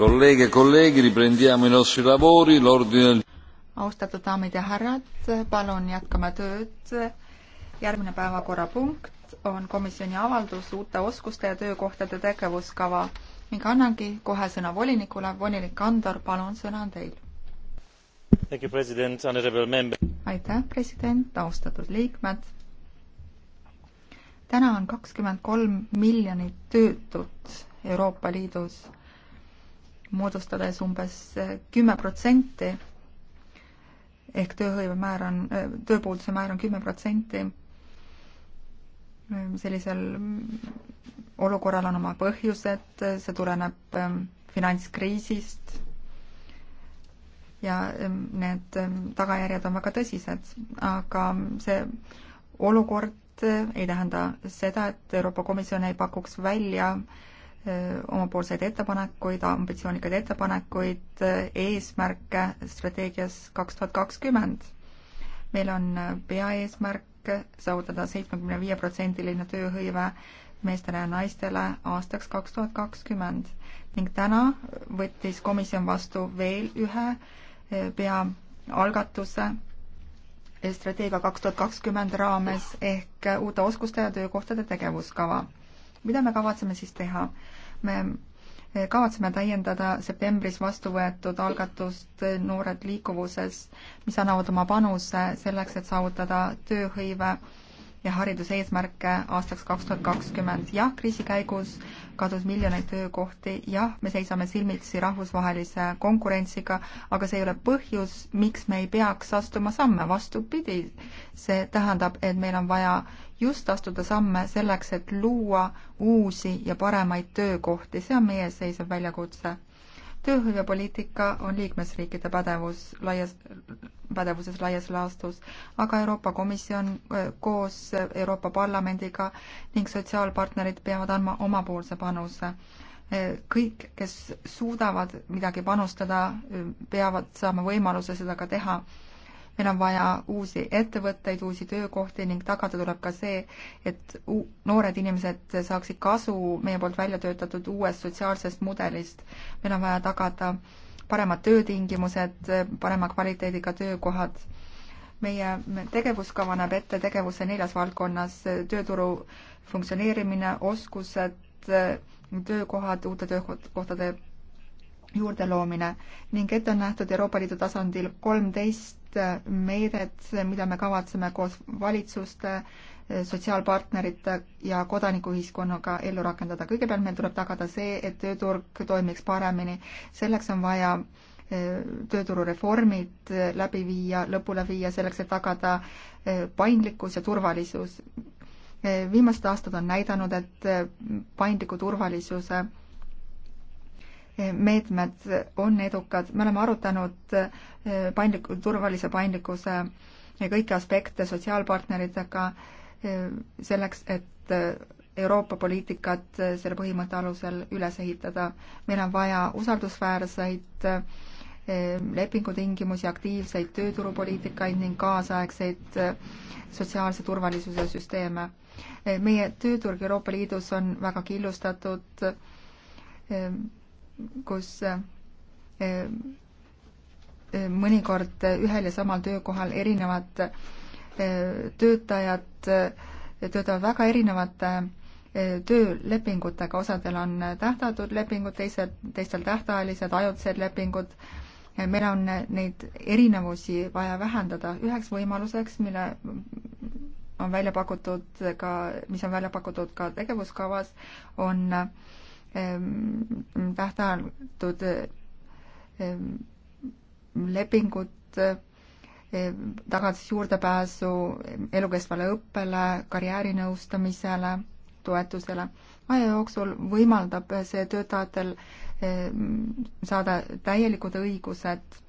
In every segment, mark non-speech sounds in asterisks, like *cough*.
kolleege, kolleegi, e riprendiamo i nostri lavori, l'ordine. austatud daamid ja härrad, palun jätkame tööd. järgmine päevakorrapunkt on komisjoni avaldus uute oskuste ja töökohtade tegevuskava ning annangi kohe sõna volinikule. volinik Andor, palun, sõna on teil. aitäh, president, austatud liikmed. täna on kakskümmend kolm miljonit töötut Euroopa Liidus moodustades umbes kümme protsenti ehk tööhõive määr on, tööpuuduse määr on kümme protsenti. sellisel olukorral on oma põhjused, see tuleneb ähm, finantskriisist ja ähm, need ähm, tagajärjed on väga tõsised, aga see olukord ei tähenda seda, et Euroopa Komisjon ei pakuks välja äh, Äh, omapoolseid ettepanekuid, ambitsioonikaid ettepanekuid, äh, eesmärke strateegias kaks tuhat kakskümmend. meil on äh, peaeesmärk saavutada seitsmekümne viie protsendiline tööhõive meestele ja naistele aastaks kaks tuhat kakskümmend ning täna võttis komisjon vastu veel ühe peaalgatuse strateegia kaks tuhat kakskümmend raames ehk uute oskuste ja töökohtade tegevuskava mida me kavatseme siis teha? me eh, kavatseme täiendada septembris vastu võetud algatust eh, Noored liikuvuses, mis annavad oma panuse selleks, et saavutada tööhõive ja hariduse eesmärke aastaks kaks tuhat kakskümmend. jah, kriisi käigus kadus miljoneid töökohti, jah, me seisame silmitsi rahvusvahelise konkurentsiga, aga see ei ole põhjus, miks me ei peaks astuma samme, vastupidi, see tähendab, et meil on vaja just astuda samme selleks, et luua uusi ja paremaid töökohti, see on meie ees seisev väljakutse tööhõivepoliitika on liikmesriikide pädevus laias, pädevuses laias laastus, aga Euroopa Komisjon koos Euroopa Parlamendiga ning sotsiaalpartnerid peavad andma omapoolse panuse. kõik, kes suudavad midagi panustada, peavad saama võimaluse seda ka teha meil on vaja uusi ettevõtteid, uusi töökohti ning tagada tuleb ka see, et noored inimesed saaksid kasu meie poolt välja töötatud uuest sotsiaalsest mudelist. meil on vaja tagada paremad töötingimused, parema kvaliteediga töökohad. meie tegevuskava näeb ette tegevuse neljas valdkonnas tööturu funktsioneerimine, oskused, töökohad, uute töökohtade juurdeloomine ning ette on nähtud Euroopa Liidu tasandil kolmteist viit meedet, mida me kavatseme koos valitsuste, sotsiaalpartnerite ja kodanikuühiskonnaga ellu rakendada. kõigepealt meil tuleb tagada see, et tööturg toimiks paremini. selleks on vaja e, tööturureformid e, läbi viia, lõpule viia, selleks et tagada e, paindlikkus ja turvalisus. viimased aastad on näidanud, et paindliku turvalisuse meetmed on edukad, me oleme arutanud eh, paindliku, turvalise paindlikkuse kõiki aspekte sotsiaalpartneritega eh, selleks, et eh, Euroopa poliitikat selle põhimõtte alusel üles ehitada. meil on vaja usaldusväärseid lepingutingimusi, aktiivseid tööturupoliitikaid ning kaasaegseid sotsiaalse turvalisuse süsteeme. meie tööturg Euroopa Liidus on väga killustatud kus äh, äh, mõnikord ühel ja samal töökohal erinevad äh, töötajad töötavad väga erinevate töölepingutega, osadel on tähtajatud lepingud, teised, teistel tähtajalised, ajutised lepingud. meil on neid erinevusi vaja vähendada. üheks võimaluseks, mille on välja pakutud ka, mis on välja pakutud ka tegevuskavas, on äh, Ähm, tähtajatud ähm, lepingud, ähm, tagada siis juurdepääsu elukestvale õppele, karjäärinõustamisele, toetusele. aja jooksul võimaldab see töötajatel saada täielikud õigused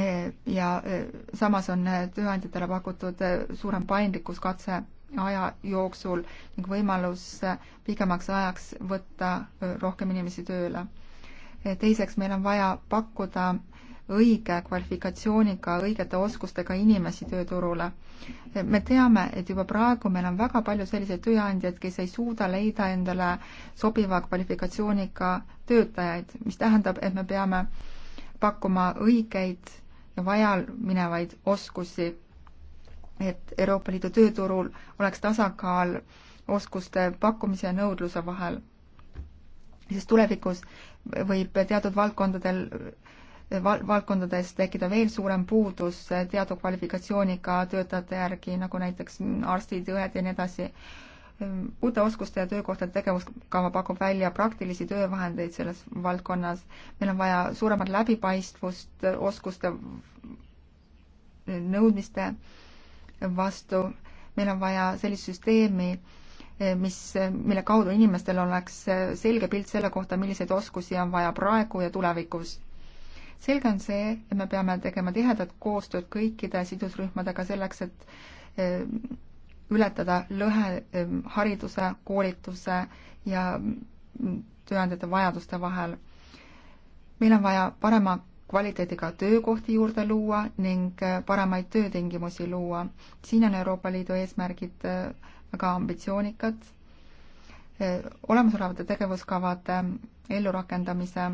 äh, ja äh, samas on äh, tööandjatele pakutud suurem paindlikkus katse aja jooksul ning võimalus äh, pikemaks ajaks võtta äh, rohkem inimesi tööle. Äh, teiseks, meil on vaja pakkuda õige kvalifikatsiooniga, õigete oskustega inimesi tööturule. me teame, et juba praegu meil on väga palju selliseid tööandjaid, kes ei suuda leida endale sobiva kvalifikatsiooniga töötajaid, mis tähendab, et me peame pakkuma õigeid ja vajaminevaid oskusi et Euroopa Liidu tööturul oleks tasakaal oskuste pakkumise ja nõudluse vahel. sest tulevikus võib teatud valdkondadel val-, valdkondades tekkida veel suurem puudus teatud kvalifikatsiooniga töötajate järgi, nagu näiteks arstid, õed ja nii edasi. uute oskuste ja töökohtade tegevuskava pakub välja praktilisi töövahendeid selles valdkonnas. meil on vaja suuremat läbipaistvust oskuste nõudmiste vastu. meil on vaja sellist süsteemi, eh, mis, eh, mille kaudu inimestel oleks eh, selge pilt selle kohta, milliseid oskusi on vaja praegu ja tulevikus. selge on see, et me peame tegema tihedat koostööd kõikide sidusrühmadega selleks, et ületada lõhe hariduse, koolituse ja mm, tööandjate vajaduste vahel. meil on vaja parema kvaliteediga töökohti juurde luua ning äh, paremaid töötingimusi luua. siin on Euroopa Liidu eesmärgid äh, väga ambitsioonikad. Äh, olemasolevate tegevuskavade ellurakendamise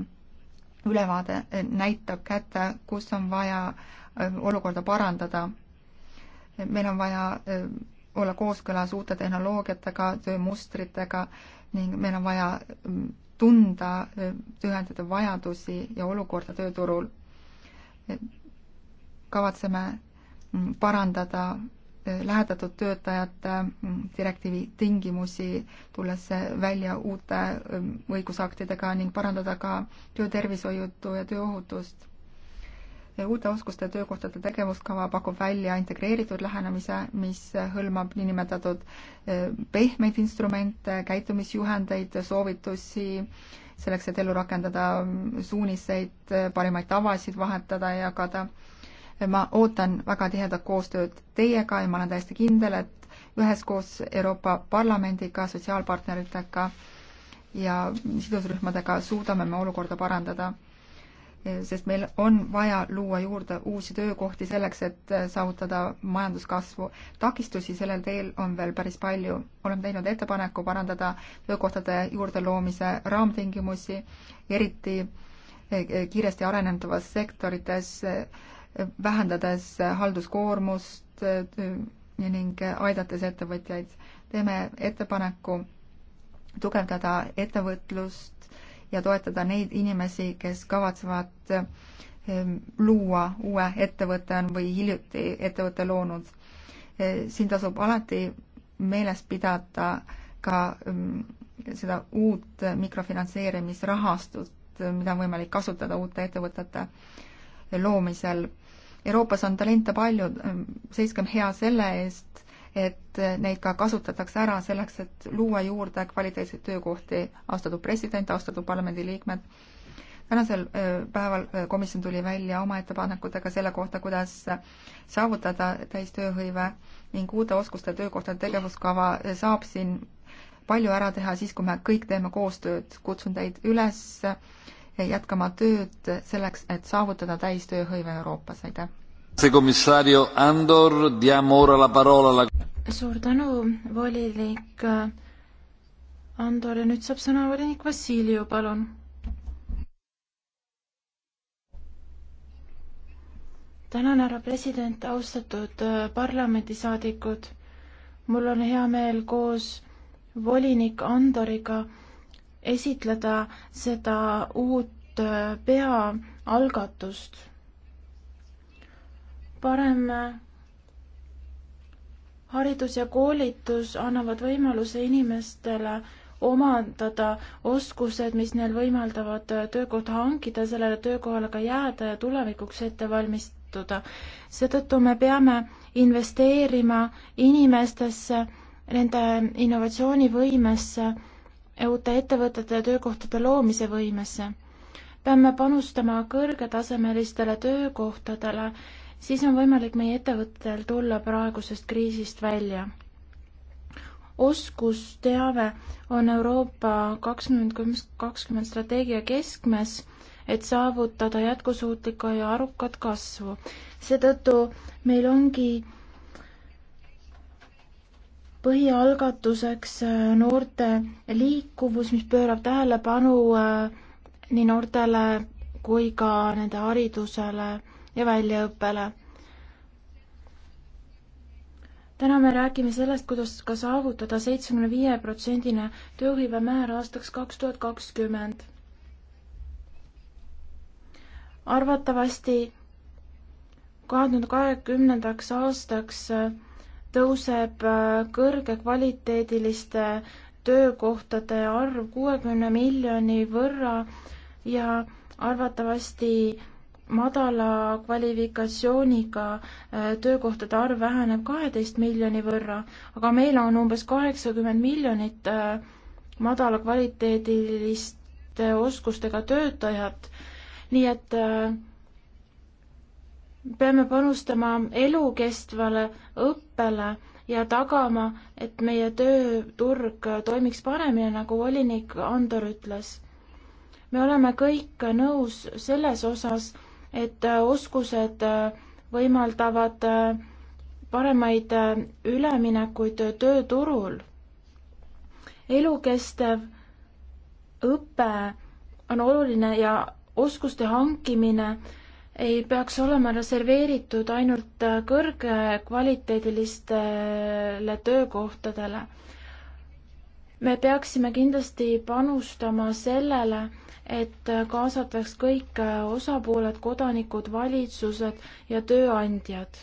ülevaade näitab kätte, kus on vaja olukorda parandada. meil on vaja olla kooskõlas uute tehnoloogiatega, töömustritega ning meil on vaja mm, tunda tööandjate vajadusi ja olukorda tööturul. E, kavatseme mm, parandada lähedatud töötajate mm, direktiivi tingimusi, tulles välja uute õigusaktidega ning parandada ka töötervishoiutu ja tööohutust uute oskuste ja töökohtade tegevuskava pakub välja integreeritud lähenemise, mis hõlmab niinimetatud e, pehmeid instrumente, käitumisjuhendeid, soovitusi, selleks, et ellu rakendada suuniseid, parimaid tavasid vahetada ja jagada. E, ma ootan väga tihedat koostööd teiega ja ma olen täiesti kindel, et üheskoos Euroopa Parlamendiga, sotsiaalpartneritega ja sidusrühmadega suudame me olukorda parandada sest meil on vaja luua juurde uusi töökohti selleks, et äh, saavutada majanduskasvu. takistusi sellel teel on veel päris palju. oleme teinud ettepaneku parandada töökohtade juurde loomise raamtingimusi, eriti äh, äh, kiiresti arenendavas sektorites, vähendades halduskoormust ning aidates ettevõtjaid. teeme ettepaneku tugevdada ettevõtlust ja toetada neid inimesi, kes kavatsevad ehm, luua uue ettevõtte või hiljuti ettevõtte loonud. Ehm, siin tasub alati meeles pidada ka ehm, seda uut mikrofinantseerimisrahastut, mida on võimalik kasutada uute ettevõtete loomisel. Euroopas on talente palju, seiskem hea selle eest, et neid ka kasutatakse ära selleks, et luua juurde kvaliteetseid töökohti, austatud president, austatud parlamendiliikmed. tänasel äh, päeval äh, komisjon tuli välja oma ettepanekutega selle kohta, kuidas saavutada täistööhõive ning uute oskuste töökohtade tegevuskava äh, saab siin palju ära teha siis, kui me kõik teeme koostööd. kutsun teid üles jätkama tööd selleks, et saavutada täistööhõive Euroopas, aitäh! grazie commissario andor diamo ora la parola alla suur tänu, volinik Andor ja nüüd saab sõna volinik Vassiljev, palun. tänan, härra president, austatud äh, parlamendisaadikud. mul on hea meel koos volinik Andoriga esitleda seda uut äh, peaalgatust. parem äh, haridus ja koolitus annavad võimaluse inimestele omandada oskused, mis neil võimaldavad töökohta hankida, sellele töökohale ka jääda ja tulevikuks ette valmistuda. seetõttu me peame investeerima inimestesse, nende innovatsioonivõimesse, uute ettevõtete ja töökohtade loomise võimesse. peame panustama kõrgetasemelistele töökohtadele siis on võimalik meie ettevõttel tulla praegusest kriisist välja. oskusteave on Euroopa kakskümmend kakskümmend strateegia keskmes, et saavutada jätkusuutlikku ja arukat kasvu. seetõttu meil ongi põhialgatuseks äh, noorte liikuvus, mis pöörab tähelepanu äh, nii noortele kui ka nende haridusele ja väljaõppele. täna me räägime sellest, kuidas ka saavutada seitsmekümne viie protsendine tööhõive määr aastaks kaks tuhat kakskümmend. arvatavasti kahe tuhande kahekümnendaks aastaks tõuseb kõrgekvaliteediliste töökohtade arv kuuekümne miljoni võrra ja arvatavasti madala kvalifikatsiooniga äh, töökohtade arv väheneb kaheteist miljoni võrra, aga meil on umbes kaheksakümmend miljonit äh, madala kvaliteediliste oskustega töötajat, nii et äh, peame panustama elukestvale õppele ja tagama, et meie tööturg toimiks paremini, nagu volinik Andor ütles. me oleme kõik nõus selles osas, et äh, oskused äh, võimaldavad äh, paremaid üleminekuid tööturul. elukestev õpe on oluline ja oskuste hankimine ei peaks olema reserveeritud ainult kõrgekvaliteedilistele töökohtadele. me peaksime kindlasti panustama sellele, et kaasataks kõik osapooled, kodanikud, valitsused ja tööandjad.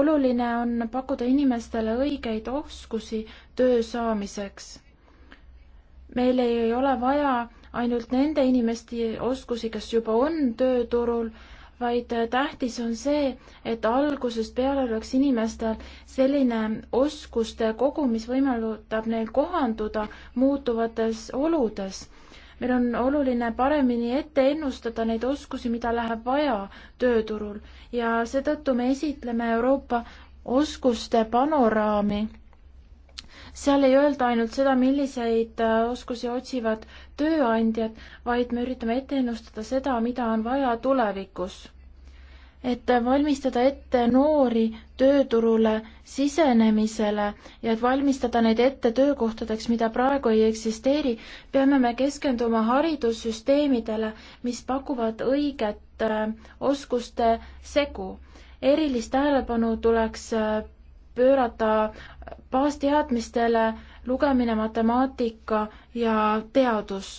oluline on pakkuda inimestele õigeid oskusi töö saamiseks. meil ei ole vaja ainult nende inimeste oskusi, kes juba on tööturul, vaid tähtis on see, et algusest peale oleks inimestel selline oskuste kogu, mis võimaldab neil kohanduda muutuvates oludes meil on oluline paremini ette ennustada neid oskusi, mida läheb vaja tööturul ja seetõttu me esitleme Euroopa oskuste panoraami. seal ei öelda ainult seda, milliseid äh, oskusi otsivad tööandjad, vaid me üritame ette ennustada seda, mida on vaja tulevikus et valmistada ette noori tööturule sisenemisele ja et valmistada neid ette töökohtadeks, mida praegu ei eksisteeri, peame me keskenduma haridussüsteemidele, mis pakuvad õiget äh, oskuste segu. erilist tähelepanu tuleks äh, pöörata baasteadmistele, lugemine, matemaatika ja teadus.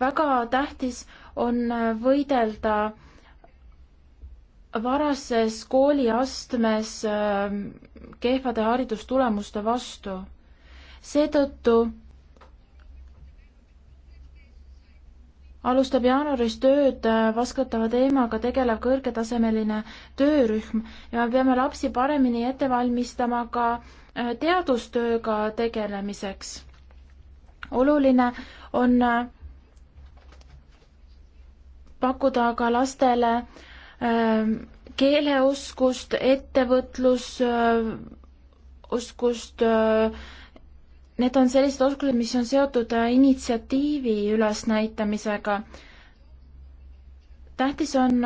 väga tähtis on äh, võidelda varases kooliastmes ähm, kehvade haridustulemuste vastu. seetõttu alustab jaanuaris tööd äh, vaskatava teemaga tegelev kõrgetasemeline töörühm ja me peame lapsi paremini ette valmistama ka äh, teadustööga tegelemiseks. oluline on äh, pakkuda ka lastele Ähm, keeleoskust, ettevõtlusoskust, äh, äh, need on sellised oskused, mis on seotud äh, initsiatiivi ülesnäitamisega. tähtis on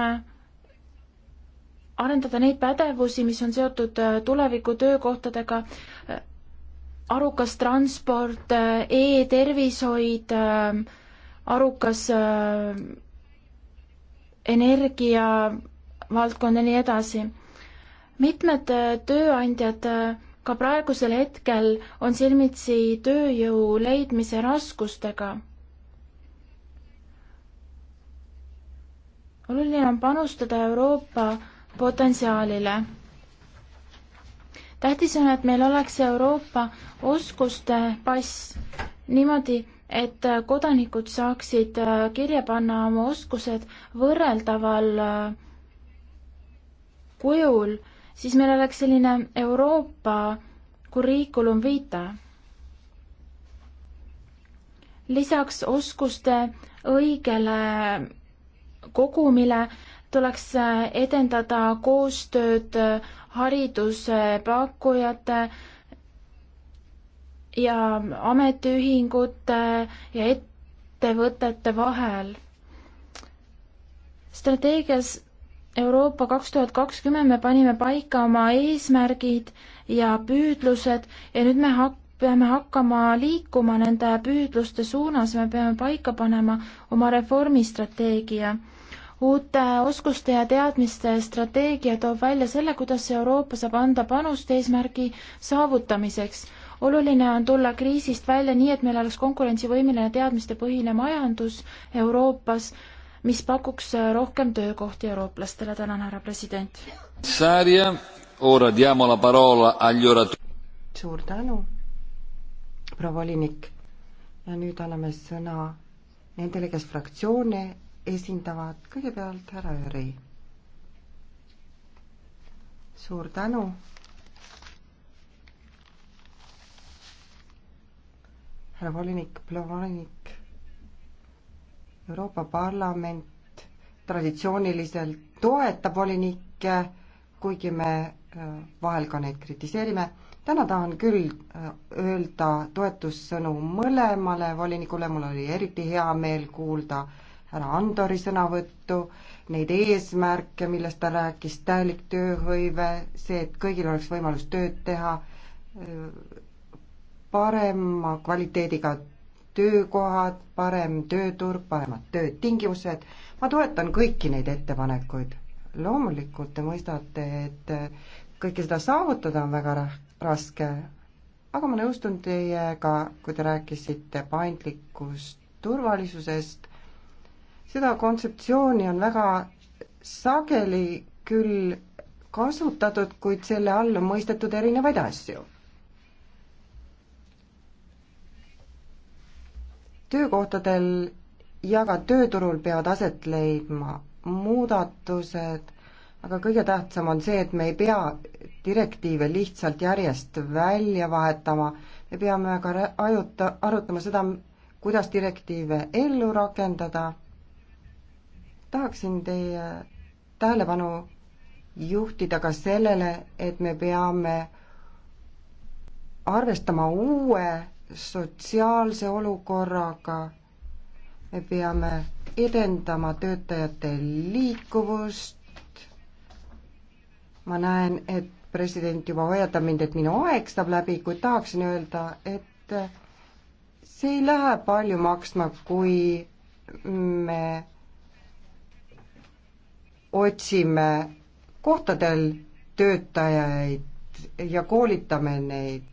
arendada neid pädevusi, mis on seotud tuleviku töökohtadega, arukas transport e, e-tervishoid, arukas energiavaldkond ja nii edasi. mitmed äh, tööandjad äh, ka praegusel hetkel on silmitsi tööjõu leidmise raskustega. oluline on panustada Euroopa potentsiaalile. tähtis on, et meil oleks Euroopa oskuste pass niimoodi et äh, kodanikud saaksid äh, kirja panna oma oskused võrreldaval äh, kujul, siis meil oleks selline Euroopa curriculum vitae. lisaks oskuste õigele kogumile tuleks edendada koostööd hariduse pakkujate, ja ametiühingute ja ettevõtete vahel. strateegias Euroopa kaks tuhat kakskümmend me panime paika oma eesmärgid ja püüdlused ja nüüd me hak-, peame hakkama liikuma nende püüdluste suunas, me peame paika panema oma reformistrateegia uute oskuste ja teadmiste strateegia toob välja selle, kuidas Euroopa saab anda panust eesmärgi saavutamiseks. oluline on tulla kriisist välja nii, et meil oleks konkurentsivõimeline teadmistepõhine majandus Euroopas, mis pakuks rohkem töökohti eurooplastele. tänan, härra president. suur tänu, proua volinik. ja nüüd anname sõna nendele, kes fraktsioone esindavad kõigepealt härra Jüri. suur tänu. härra volinik, plaanik. Euroopa Parlament traditsiooniliselt toetab volinikke, kuigi me äh, vahel ka neid kritiseerime täna tahan küll äh, öelda toetussõnu mõlemale volinikule, mul oli eriti hea meel kuulda härra Andori sõnavõttu, neid eesmärke, millest ta rääkis, täielik tööhõive, see, et kõigil oleks võimalus tööd teha, parema kvaliteediga töökohad, parem tööturg, paremad töötingimused, ma toetan kõiki neid ettepanekuid. loomulikult te mõistate, et kõike seda saavutada on väga raske, aga ma nõustun teiega, kui te rääkisite paindlikust turvalisusest, seda kontseptsiooni on väga sageli küll kasutatud, kuid selle all on mõistetud erinevaid asju. töökohtadel ja ka tööturul peavad aset leidma muudatused, aga kõige tähtsam on see, et me ei pea direktiive lihtsalt järjest välja vahetama, me peame ka ajuta, arutama seda, kuidas direktiive ellu rakendada tahaksin teie tähelepanu juhtida ka sellele, et me peame arvestama uue sotsiaalse olukorraga, me peame edendama töötajate liikuvust, ma näen, et president juba hoiatab mind, et minu aeg saab läbi, kuid tahaksin öelda, et see ei lähe palju maksma, kui me otsime kohtadel töötajaid ja koolitame neid.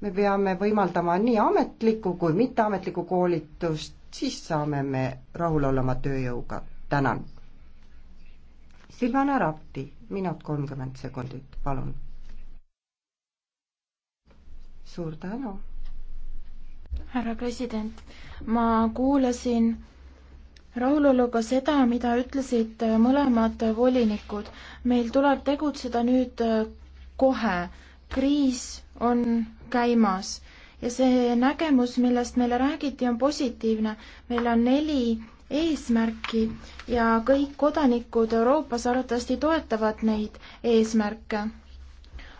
me peame võimaldama nii ametlikku kui mitteametlikku koolitust, siis saame me rahul olla oma tööjõuga. tänan. Silvana Rapti, minut kolmkümmend sekundit, palun. suur tänu. härra president, ma kuulasin rahulolu ka seda, mida ütlesid mõlemad volinikud. meil tuleb tegutseda nüüd kohe. kriis on käimas ja see nägemus, millest meile räägiti, on positiivne. meil on neli eesmärki ja kõik kodanikud Euroopas arvatavasti toetavad neid eesmärke.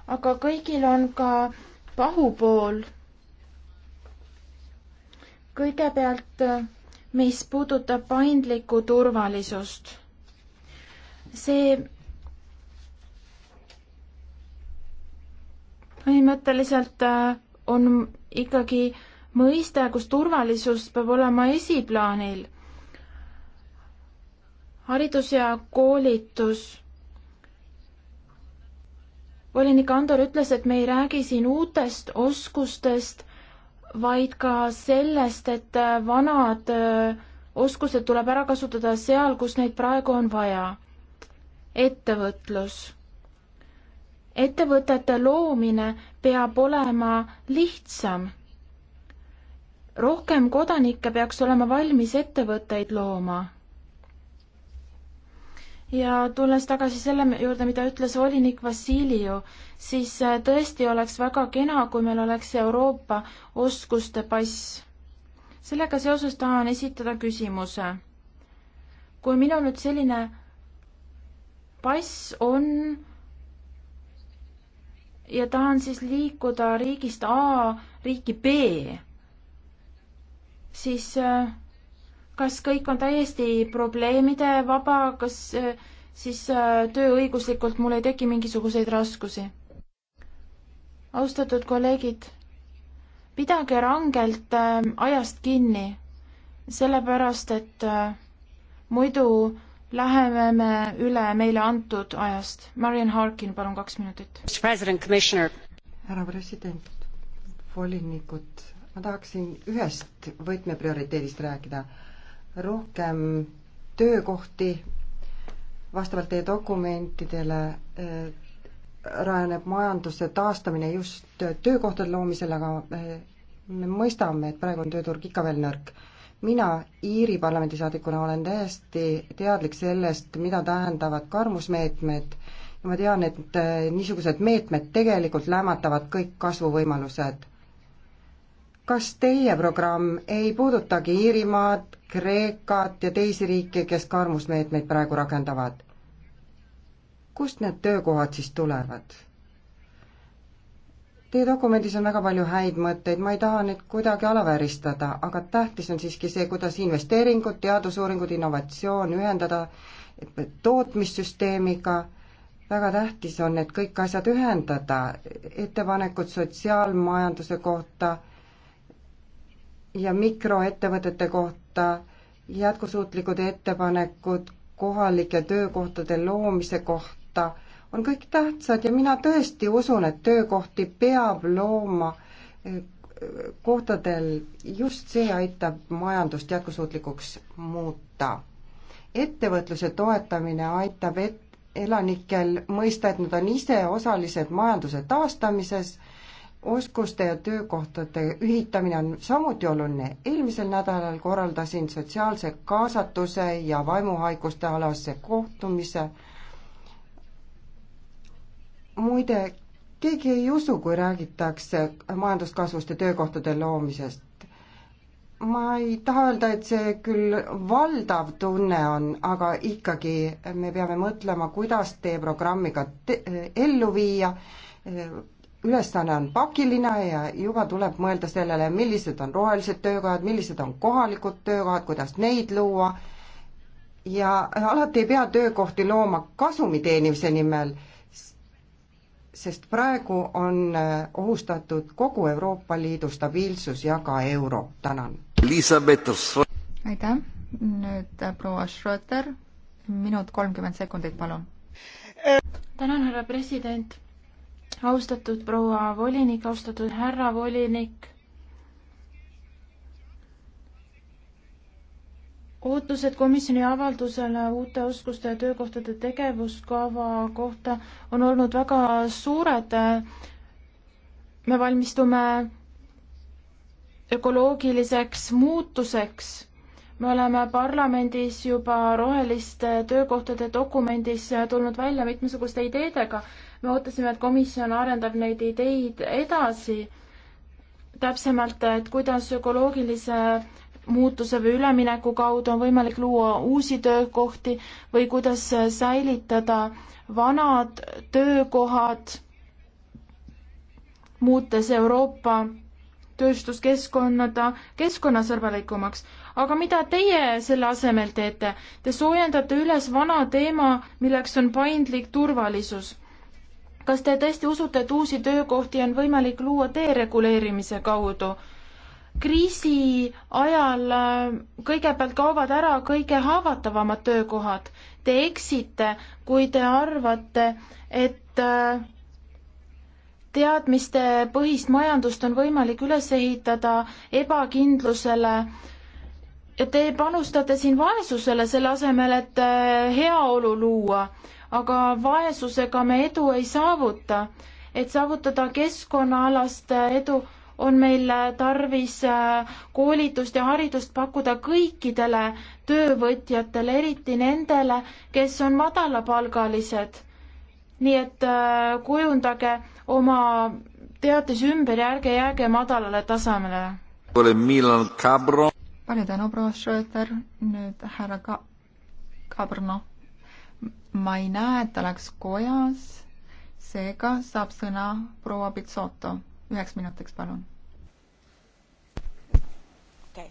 aga kõigil on ka pahupool. kõigepealt mis puudutab paindlikku turvalisust, see põhimõtteliselt äh, on ikkagi mõiste, kus turvalisus peab olema esiplaanil. haridus ja koolitus. volinik Andor ütles, et me ei räägi siin uutest oskustest vaid ka sellest, et vanad äh, oskused tuleb ära kasutada seal, kus neid praegu on vaja. ettevõtlus. ettevõtete loomine peab olema lihtsam. rohkem kodanikke peaks olema valmis ettevõtteid looma ja tulles tagasi selle juurde, mida ütles volinik Vassiljev, siis äh, tõesti oleks väga kena, kui meil oleks Euroopa oskuste pass. sellega seoses tahan esitada küsimuse. kui minul nüüd selline pass on ja tahan siis liikuda riigist A riiki B, siis äh, kas kõik on täiesti probleemide vaba, kas äh, siis äh, tööõiguslikult mul ei teki mingisuguseid raskusi? austatud kolleegid, pidage rangelt äh, ajast kinni, sellepärast et muidu läheme me üle meile antud ajast. Marian Harkin, palun kaks minutit. härra president, volinikud, ma tahaksin ühest võtmeprioriteedist rääkida rohkem töökohti, vastavalt teie dokumentidele rajaneb majanduse taastamine just töökohtade loomisel, aga eh, me mõistame, et praegu on tööturg ikka veel nõrk. mina Iiri parlamendisaadikuna olen täiesti teadlik sellest, mida tähendavad karmusmeetmed ja ma tean, et eh, niisugused meetmed tegelikult lämmatavad kõik kasvuvõimalused. kas teie programm ei puudutagi Iirimaad, Kreekat ja teisi riike, kes karmusmeetmeid praegu rakendavad. kust need töökohad siis tulevad? Teie dokumendis on väga palju häid mõtteid, ma ei taha neid kuidagi alavääristada, aga tähtis on siiski see, kuidas investeeringud, teadusuuringud, innovatsioon ühendada tootmissüsteemiga, väga tähtis on need kõik asjad ühendada, ettepanekud sotsiaalmajanduse kohta ja mikroettevõtete kohta jätkusuutlikud ettepanekud kohalike töökohtade loomise kohta on kõik tähtsad ja mina tõesti usun, et töökohti peab looma eh, kohtadel, just see aitab majandust jätkusuutlikuks muuta. ettevõtluse toetamine aitab et-, elanikel mõista, et nad on ise osalised majanduse taastamises oskuste ja töökohtade ühitamine on samuti oluline. eelmisel nädalal korraldasin sotsiaalse kaasatuse ja vaimuhaiguste alase kohtumise. muide, keegi ei usu, kui räägitakse majanduskasvust ja töökohtade loomisest. ma ei taha öelda, et see küll valdav tunne on, aga ikkagi me peame mõtlema, kuidas teie programmi ka te ellu viia ülesanne on pakiline ja juba tuleb mõelda sellele, millised on rohelised töökohad, millised on kohalikud töökohad, kuidas neid luua ja alati ei pea töökohti looma kasumi teenimise nimel, sest praegu on äh, ohustatud kogu Euroopa Liidu stabiilsus ja ka euro. tänan. aitäh, nüüd äh, proua Schröter, minut kolmkümmend sekundit, palun. tänan, härra president austatud proua volinik, austatud härra volinik. ootused komisjoni avaldusele uute oskuste ja töökohtade tegevuskava kohta on olnud väga suured. me valmistume ökoloogiliseks muutuseks. me oleme parlamendis juba roheliste töökohtade dokumendis tulnud välja mitmesuguste ideedega me ootasime, et komisjon arendab neid ideid edasi, täpsemalt, et kuidas ökoloogilise muutuse või ülemineku kaudu on võimalik luua uusi töökohti või kuidas säilitada vanad töökohad, muutes Euroopa tööstuskeskkonnada keskkonnasõbralikumaks. aga mida teie selle asemel teete? Te soojendate üles vana teema, milleks on paindlik turvalisus kas te tõesti usute, et uusi töökohti on võimalik luua dereguleerimise kaudu? kriisi ajal äh, kõigepealt kaovad ära kõige haavatavamad töökohad. Te eksite, kui te arvate, et äh, teadmistepõhist majandust on võimalik üles ehitada ebakindlusele ja te panustate siin vaesusele, selle asemel, et äh, heaolu luua aga vaesusega me edu ei saavuta. et saavutada keskkonnaalast edu, on meil tarvis äh, koolitust ja haridust pakkuda kõikidele töövõtjatele, eriti nendele, kes on madalapalgalised. nii et äh, kujundage oma teatis ümber ja ärge jääge madalale tasemele. palju tänu, proua Schröter, nüüd härra Ka-, Kabrno ma ei näe, et ta oleks kojas, seega saab sõna proua Pitsoto. üheks minutiks, palun okay..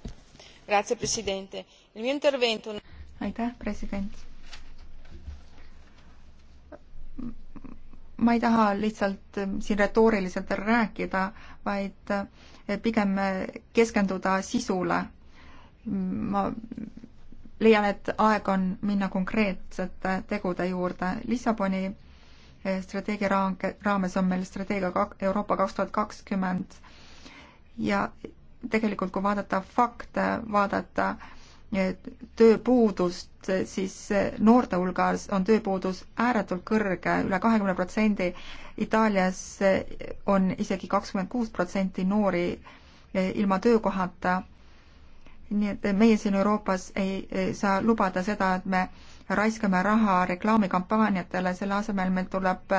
Intervento... aitäh, president. ma ei taha lihtsalt ähm, siin retooriliselt rääkida, vaid äh, pigem äh, keskenduda sisule. ma leian, et aeg on minna konkreetsete tegude juurde. Lissaboni eh, strateegia raames on meil strateegia Euroopa kaks tuhat kakskümmend ja tegelikult, kui vaadata fakte, vaadata eh, tööpuudust, eh, siis noorte hulgas on tööpuudus ääretult kõrge üle, üle kahekümne protsendi. Itaalias on isegi kakskümmend kuus protsenti noori ilma töökohata nii et meie siin Euroopas ei saa lubada seda, et me raiskame raha reklaamikampaaniatele, selle asemel meil tuleb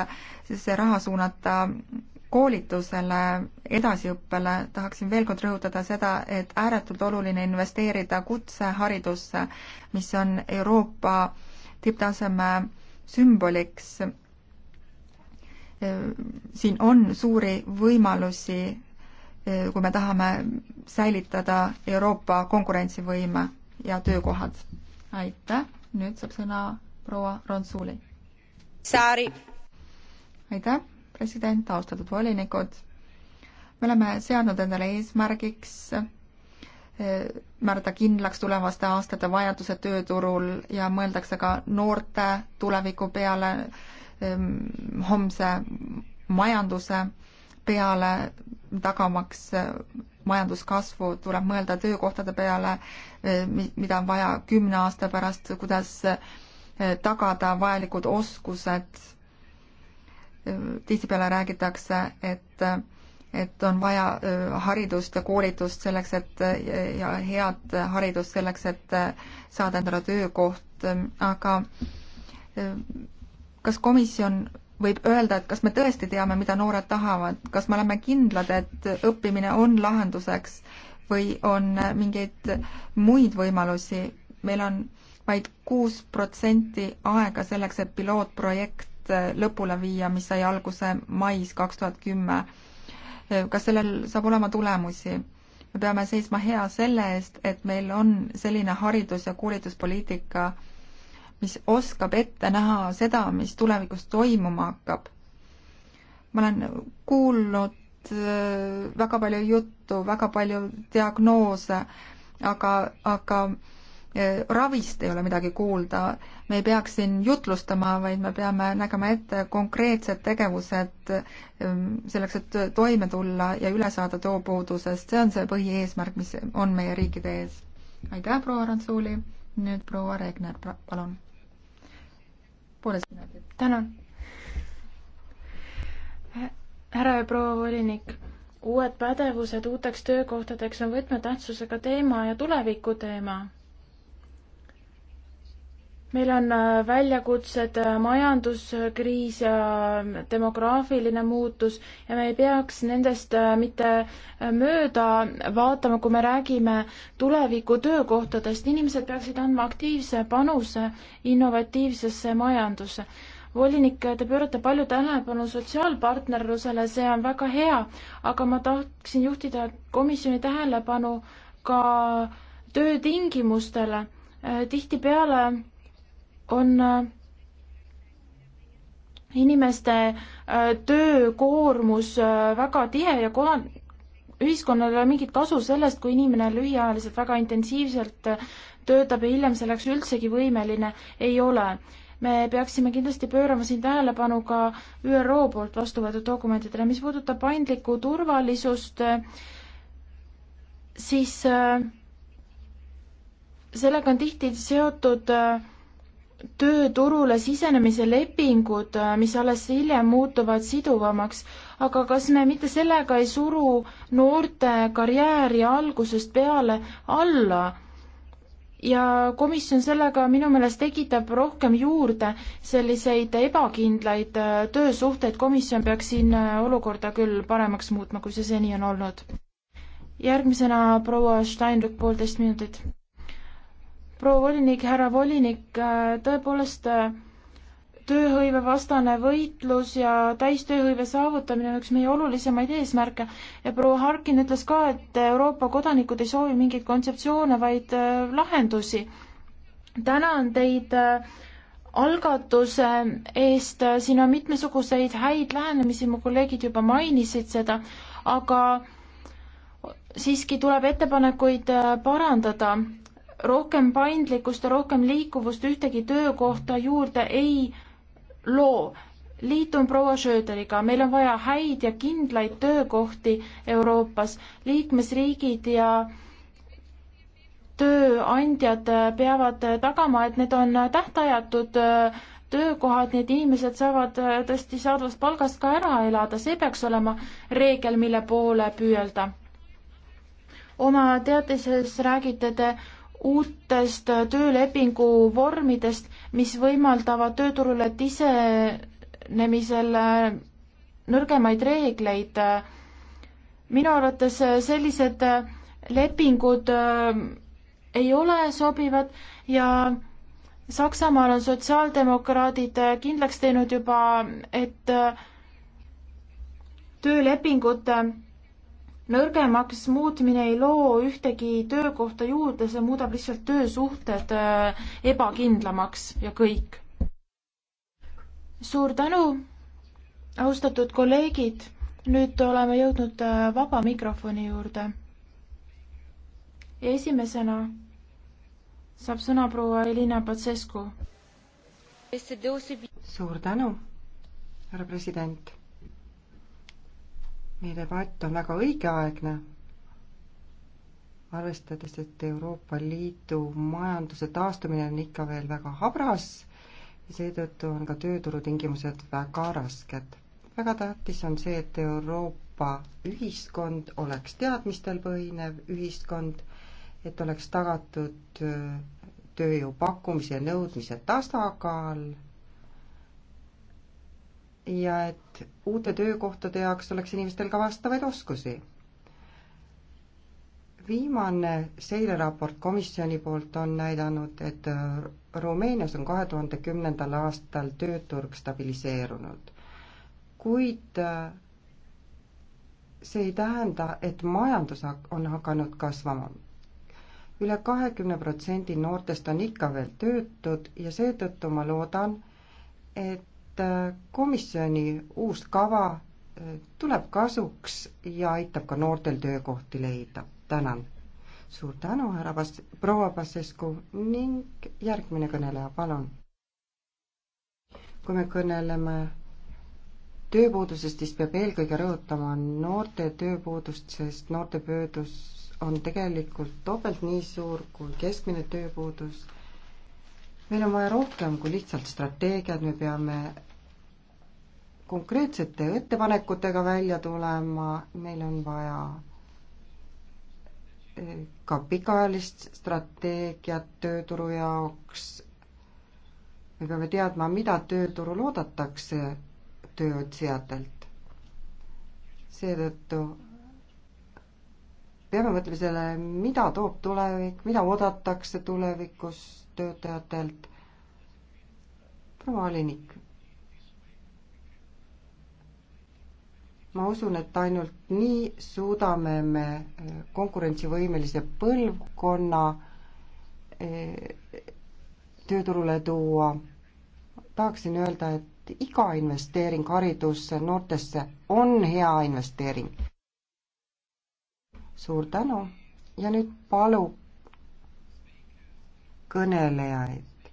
siis see raha suunata koolitusele, edasiõppele, tahaksin veel kord rõhutada seda, et ääretult oluline investeerida kutseharidusse, mis on Euroopa tipptaseme sümboliks. siin on suuri võimalusi Eh, kui me tahame säilitada Euroopa konkurentsivõime ja töökohad. aitäh, nüüd saab sõna proua Ronsuli. Saari. aitäh, president, austatud volinikud. me oleme seadnud endale eesmärgiks eh, määrata kindlaks tulevaste aastate vajadused tööturul ja mõeldakse ka noorte tuleviku peale, eh, homse majanduse peale, tagamaks majanduskasvu, tuleb mõelda töökohtade peale, mida on vaja kümne aasta pärast, kuidas eh, tagada vajalikud oskused. tihtipeale räägitakse, et, et on vaja eh, haridust ja koolitust selleks, et ja head haridust selleks, et saada endale töökoht, aga eh, kas komisjon võib öelda, et kas me tõesti teame, mida noored tahavad, kas me oleme kindlad, et õppimine on lahenduseks või on mingeid muid võimalusi. meil on vaid kuus protsenti aega selleks, et pilootprojekt lõpule viia, mis sai alguse mais kaks tuhat kümme. kas sellel saab olema tulemusi? me peame seisma hea selle eest, et meil on selline haridus- ja koolituspoliitika, mis oskab ette näha seda, mis tulevikus toimuma hakkab. ma olen kuulnud äh, väga palju juttu, väga palju diagnoose, aga, aga äh, ravist ei ole midagi kuulda. me ei peaks siin jutlustama, vaid me peame nägema ette konkreetsed tegevused ähm, selleks, et toime tulla ja üle saada toopuudusest. see on see põhieesmärk, mis on meie riikide ees. aitäh, proua Randsuuli. nüüd proua Regner, palun poolest minutit. tänan. härra ja proua volinik, uued pädevused uuteks töökohtadeks on võtmetähtsusega teema ja tuleviku teema meil on äh, väljakutsed äh, majanduskriis ja äh, demograafiline muutus ja me ei peaks nendest mitte mööda vaatama, kui me räägime tuleviku töökohtadest. inimesed peaksid andma aktiivse panuse innovatiivsesse majandusse. volinik, te pöörate palju tähelepanu sotsiaalpartnerlusele, see on väga hea, aga ma tahaksin juhtida komisjoni tähelepanu ka töötingimustele. tihtipeale on äh, inimeste äh, töökoormus äh, väga tihe ja koha, ühiskonnal ei ole mingit kasu sellest, kui inimene lühiajaliselt väga intensiivselt töötab ja hiljem selleks üldsegi võimeline ei ole. me peaksime kindlasti pöörama siin tähelepanu ka ÜRO poolt vastu võetud dokumentidele, mis puudutab paindlikku turvalisust, siis sellega on tihti seotud äh, tööturule sisenemise lepingud, äh, mis alles hiljem muutuvad siduvamaks, aga kas me mitte sellega ei suru noorte karjääri algusest peale alla? ja komisjon sellega minu meelest tekitab rohkem juurde selliseid ebakindlaid äh, töösuhteid, komisjon peaks siin äh, olukorda küll paremaks muutma, kui see seni on olnud. järgmisena proua Steinrück, poolteist minutit proua volinik, härra volinik, tõepoolest äh, tööhõivevastane võitlus ja täistööhõive saavutamine on üks meie olulisemaid eesmärke ja proua Harkin ütles ka, et Euroopa kodanikud ei soovi mingeid kontseptsioone, vaid äh, lahendusi. tänan teid äh, algatuse eest, siin on mitmesuguseid häid lähenemisi, mu kolleegid juba mainisid seda, aga siiski tuleb ettepanekuid parandada rohkem paindlikkust ja rohkem liikuvust ühtegi töökohta juurde ei loo. liitun proua Schröderiga, meil on vaja häid ja kindlaid töökohti Euroopas, liikmesriigid ja tööandjad peavad tagama, et need on tähtajatud äh, töökohad, nii et inimesed saavad äh, tõesti saadavast palgast ka ära elada, see peaks olema reegel, mille poole püüelda. oma teadises räägite te uutest töölepingu vormidest, mis võimaldavad tööturule tisenemisel nõrgemaid reegleid. minu arvates sellised lepingud äh, ei ole sobivad ja Saksamaal on sotsiaaldemokraadid kindlaks teinud juba, et äh, töölepingute äh, nõrgemaks muutmine ei loo ühtegi töökohta juurde, see muudab lihtsalt töösuhted äh, ebakindlamaks ja kõik. suur tänu, austatud kolleegid, nüüd oleme jõudnud äh, vaba mikrofoni juurde. esimesena saab sõna proua Elina Patsescu. suur tänu, härra president meie debatt on väga õigeaegne, arvestades, et Euroopa Liidu majanduse taastumine on ikka veel väga habras ja seetõttu on ka tööturutingimused väga rasked. väga tähtis on see, et Euroopa ühiskond oleks teadmistel põhinev ühiskond, et oleks tagatud äh, tööjõu pakkumise ja nõudmise tasakaal ja et uute töökohtade jaoks oleks inimestel ka vastavaid oskusi. viimane seireraport komisjoni poolt on näidanud, et Rumeenias on kahe tuhande kümnendal aastal tööturg stabiliseerunud, kuid see ei tähenda, et majandus on hakanud kasvama üle. üle kahekümne protsendi noortest on ikka veel töötud ja seetõttu ma loodan, et Äh, komisjoni uus kava äh, tuleb kasuks ja aitab ka noortel töökohti leida. tänan. suur tänu, härra Bas-, proua Basescu ning järgmine kõneleja, palun. kui me kõneleme tööpuudusest, siis peab eelkõige rõhutama noorte tööpuudust, sest noorte pöördus on tegelikult topelt nii suur kui keskmine tööpuudus meil on vaja rohkem kui lihtsalt strateegiat, me peame konkreetsete ettepanekutega välja tulema, meil on vaja eh, ka pikaajalist strateegiat tööturu jaoks. me peame teadma, mida tööturul oodatakse tööotsijatelt. seetõttu peame mõtlema selle, mida toob tulevik, mida oodatakse tulevikus töötajatelt. proua Alinik. ma usun, et ainult nii suudame me eh, konkurentsivõimelise põlvkonna eh, tööturule tuua. tahaksin öelda, et iga investeering haridusse, noortesse on hea investeering suur tänu ja nüüd palub kõnelejaid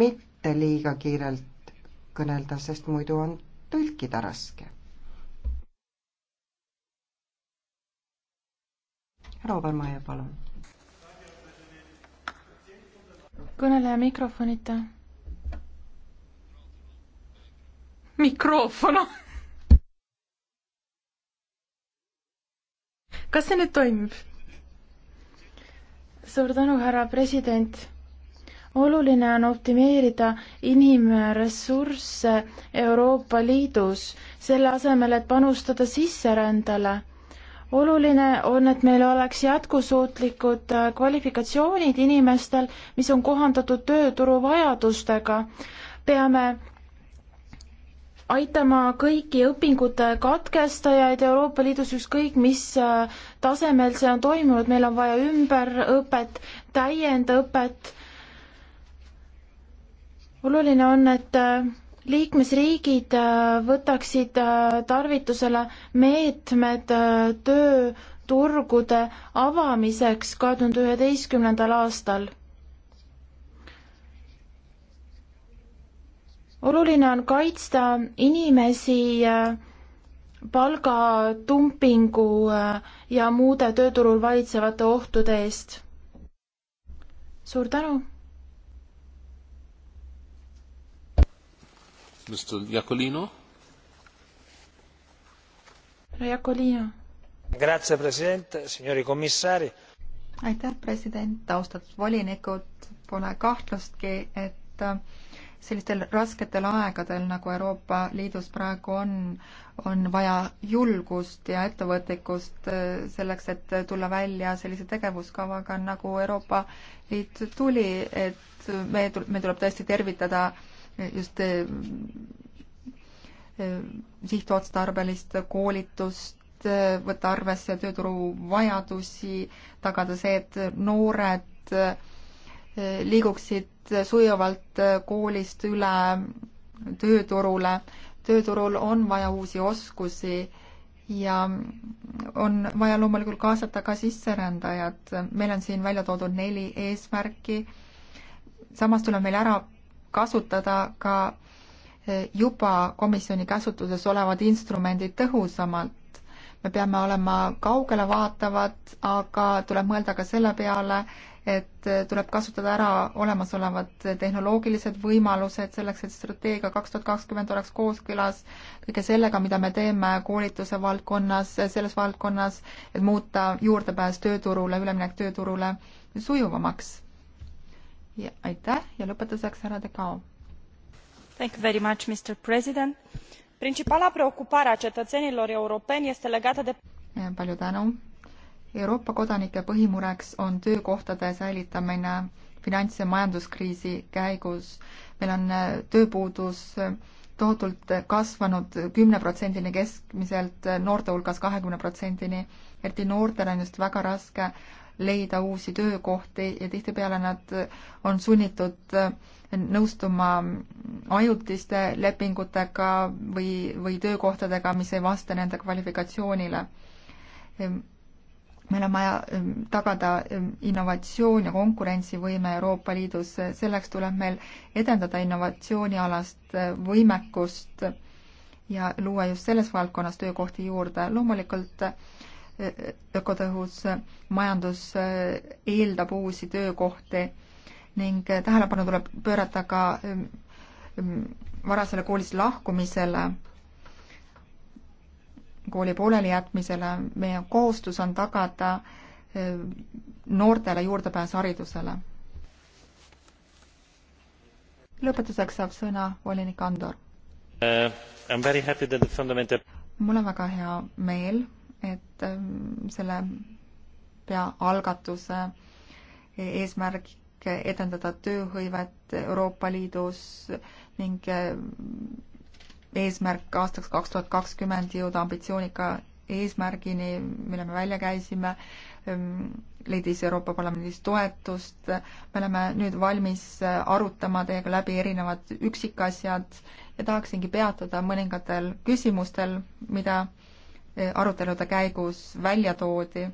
mitte liiga kiirelt kõnelda, sest muidu on tõlkida raske. härra Obermaie, palun. kõneleja mikrofonita. mikrofon *laughs* kas see nüüd toimib? suur tänu, härra president. oluline on optimeerida inimressursse Euroopa Liidus, selle asemel, et panustada sisserändale oluline on, et meil oleks jätkusuutlikud äh, kvalifikatsioonid inimestel, mis on kohandatud tööturu vajadustega. peame aitama kõiki õpingute katkestajaid Euroopa Liidus, ükskõik mis äh, tasemel see on toimunud, meil on vaja ümberõpet, täiendõpet. oluline on, et äh, liikmesriigid äh, võtaksid tarvitusele meetmed tööturgude avamiseks kahe tuhande üheteistkümnendal aastal oluline on kaitsta inimesi äh, palgatumpingu äh, ja muude tööturul valitsevate ohtude eest. suur tänu. Jakolino. Jakolino. Grazie, president, signori commissari. aitäh, president, austatud volinikud, pole kahtlustki, et sellistel rasketel aegadel, nagu Euroopa Liidus praegu on, on vaja julgust ja ettevõtlikkust äh, selleks, et tulla välja sellise tegevuskavaga, nagu Euroopa Liit tuli, et me, meil tuleb tõesti tervitada just äh, äh, sihtotstarbelist koolitust, võtta arvesse tööturu vajadusi, tagada see, et noored liiguksid sujuvalt äh, koolist üle tööturule. tööturul on vaja uusi oskusi ja on vaja loomulikult kaasata ka sisserändajad. meil on siin välja toodud neli eesmärki. samas tuleb meil ära kasutada ka äh, juba komisjoni käsutuses olevad instrumendid tõhusamalt. me peame olema kaugele vaatavad, aga tuleb mõelda ka selle peale, et äh, tuleb kasutada ära olemasolevad tehnoloogilised võimalused selleks, et strateegia kaks tuhat kakskümmend oleks kooskõlas kõige sellega, mida me teeme koolituse valdkonnas, selles valdkonnas, et muuta juurdepääs tööturule, üleminek tööturule sujuvamaks. ja aitäh ja lõpetuseks härra Dekao. Thank you very much, Mr President. Principala preocupare a cetățenilor europeni este legată de palju tänu, Euroopa kodanike põhimureks on töökohtade säilitamine finants- ja majanduskriisi käigus. meil on äh, tööpuudus äh, tohutult kasvanud kümneprotsendini keskmiselt, äh, noorte hulgas kahekümne protsendini. eriti noortel on just väga raske leida uusi töökohti ja tihtipeale nad on sunnitud nõustuma mm, ajutiste lepingutega või, või töökohtadega, mis ei vasta nende kvalifikatsioonile ehm, meil on vaja ähm, tagada ähm, innovatsioon ja konkurentsivõime Euroopa Liidus, selleks tuleb meil edendada innovatsioonialast äh, võimekust ja luua just selles valdkonnas töökohti juurde. loomulikult äh, ökotõhus majandus äh, eeldab uusi töökohti ning tähelepanu tuleb pöörata ka ähm, varasele koolist lahkumisele kooli poolelijätmisele, meie kohustus on tagada eh, noortele juurdepääs haridusele. lõpetuseks saab sõna volinik Andor uh,. Fundamental... mul on väga hea meel, et eh, selle peaalgatuse eesmärk edendada tööhõivet Euroopa Liidus ning eesmärk aastaks kaks tuhat kakskümmend jõuda ambitsioonika eesmärgini, mille me välja käisime, ehm, leidis Euroopa Parlamendis toetust, me oleme nüüd valmis äh, arutama teiega läbi erinevad üksikasjad ja tahaksingi peatuda mõningatel küsimustel, mida äh, arutelude käigus välja toodi.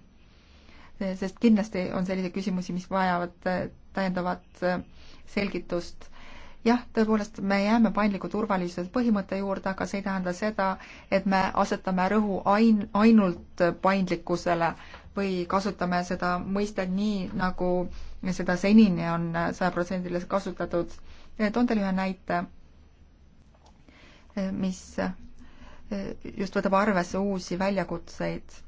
sest kindlasti on selliseid küsimusi, mis vajavad äh, täiendavat selgitust jah, tõepoolest, me jääme paindliku turvalisuse põhimõtte juurde, aga see ei tähenda seda, et me asetame rõhu ain-, ainult paindlikkusele või kasutame seda mõistet nii, nagu seda senini on sajaprotsendiliselt kasutatud. toon teile ühe näite, mis just võtab arvesse uusi väljakutseid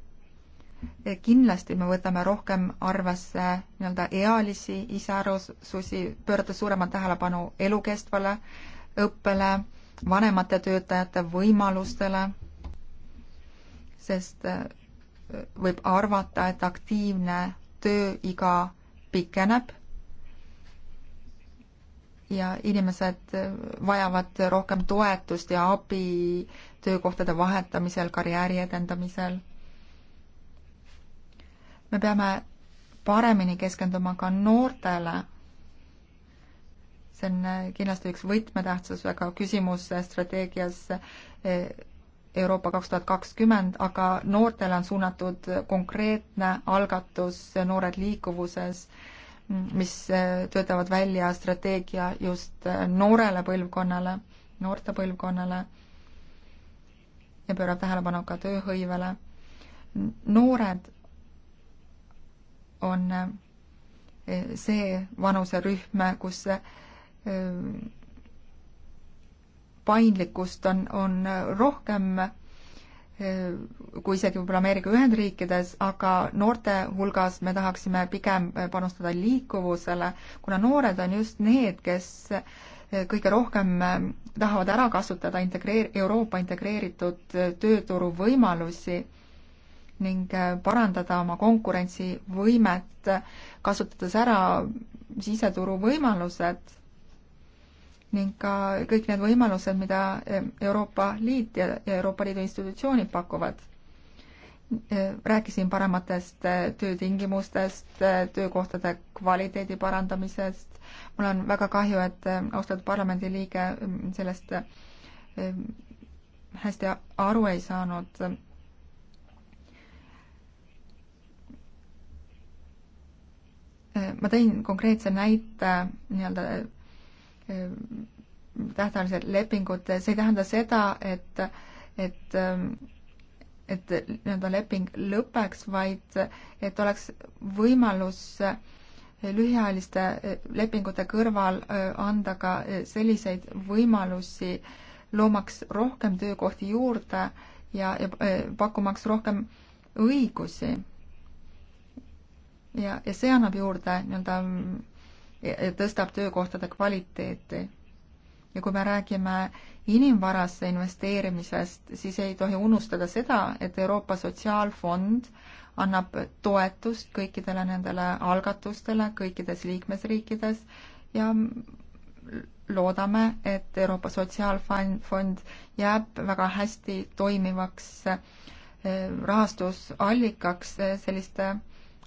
kindlasti me võtame rohkem arvesse nii-öelda ealisi isearvususi, pöörata suuremat tähelepanu elukestvale õppele, vanemate töötajate võimalustele, sest äh, võib arvata, et aktiivne tööiga pikeneb ja inimesed äh, vajavad rohkem toetust ja abi töökohtade vahetamisel, karjääri edendamisel me peame paremini keskenduma ka noortele. see on kindlasti üks võtmetähtsusega küsimus strateegias e, Euroopa kaks tuhat kakskümmend, aga noortele on suunatud konkreetne algatus Noored liikuvuses, mis töötavad välja strateegia just noorele põlvkonnale, noorte põlvkonnale ja pöörab tähelepanu ka tööhõivele. noored on äh, see vanuserühm, kus äh, paindlikkust on, on äh, rohkem kui isegi võib-olla Ameerika Ühendriikides, aga noorte hulgas me tahaksime pigem panustada liikuvusele, kuna noored on just need, kes kõige rohkem tahavad ära kasutada integreer-, Euroopa integreeritud tööturu võimalusi ning äh, parandada oma konkurentsivõimet, kasutades ära siseturu võimalused ning ka kõik need võimalused, mida äh, Euroopa Liit ja Euroopa Liidu institutsioonid pakuvad. Äh, rääkisin parematest töötingimustest, töökohtade kvaliteedi parandamisest, mul on väga kahju, et austatud parlamendiliige sellest hästi aru ei saanud ma tõin konkreetse näite nii-öelda eh, tähtajalise lepingut, see ei tähenda seda, et, et et nii-öelda leping lõpeks, vaid et oleks võimalus lühiajaliste lepingute kõrval eh, anda ka selliseid võimalusi, loomaks rohkem töökohti juurde ja, ja eh, pakkumaks rohkem õigusi ja, ja see annab juurde nii-öelda, tõstab töökohtade kvaliteeti. ja kui me räägime inimvarasse investeerimisest, siis ei tohi unustada seda, et Euroopa Sotsiaalfond annab toetust kõikidele nendele algatustele kõikides liikmesriikides ja loodame, et Euroopa Sotsiaalfond jääb väga hästi toimivaks eh, rahastusallikaks eh, selliste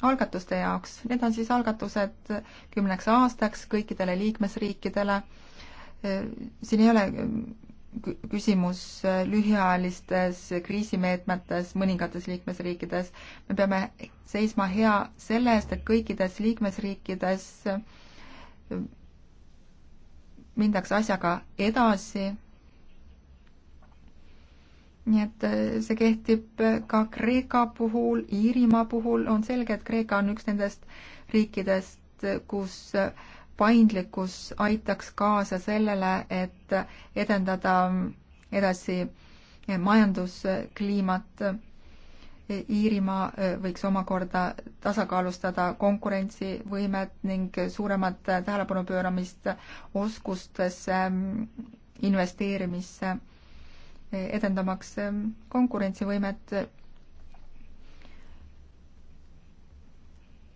algatuste jaoks. Need on siis algatused kümneks aastaks kõikidele liikmesriikidele. siin ei ole küsimus lühiajalistes kriisimeetmetes mõningates liikmesriikides. me peame seisma hea selle eest, et kõikides liikmesriikides mindaks asjaga edasi nii et äh, see kehtib äh, ka Kreeka puhul, Iirimaa puhul on selge, et Kreeka on üks nendest riikidest, äh, kus paindlikkus aitaks kaasa sellele, et edendada mm, edasi majanduskliimat. Iirimaa võiks omakorda tasakaalustada konkurentsivõimet ning suuremat tähelepanu pööramist oskustesse, mm, investeerimisse edendamaks ehm, konkurentsivõimet.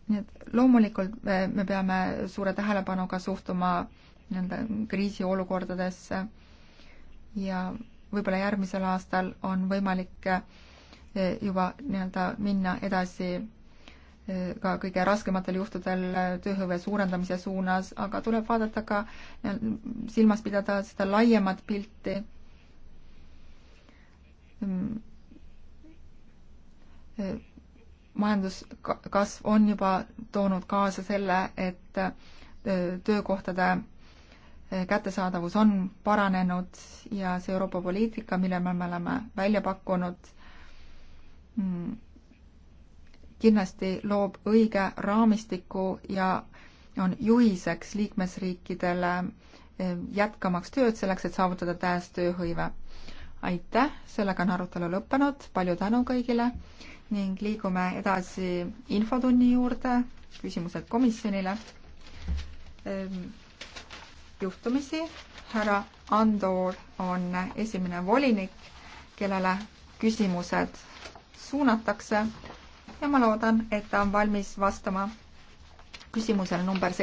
nii et loomulikult me, eh, me peame suure tähelepanuga suhtuma nii-öelda kriisiolukordadesse ja võib-olla järgmisel aastal on võimalik eh, juba nii-öelda minna edasi eh, ka kõige raskematel juhtudel tööhõive suurendamise suunas, aga tuleb vaadata ka, silmas pidada seda laiemat pilti Mm. majanduskasv on juba toonud kaasa selle, et äh, töökohtade äh, kättesaadavus on paranenud ja see Euroopa poliitika, mille me oleme välja pakkunud, mm, kindlasti loob õige raamistiku ja on juhiseks liikmesriikidele äh, jätkamaks tööd selleks, et saavutada täistööhõive aitäh, sellega on arutelu lõppenud, palju tänu kõigile ning liigume edasi infotunni juurde, küsimused komisjonile. Ehm, juhtumisi härra Andor on esimene volinik, kellele küsimused suunatakse ja ma loodan, et ta on valmis vastama küsimusele number seitse.